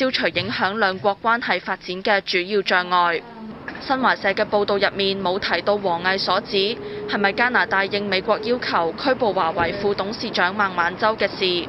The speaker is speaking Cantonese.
消除影響兩國關係發展嘅主要障礙。新華社嘅報道入面冇提到王毅所指係咪加拿大應美國要求拘捕華為副董事長孟晚舟嘅事。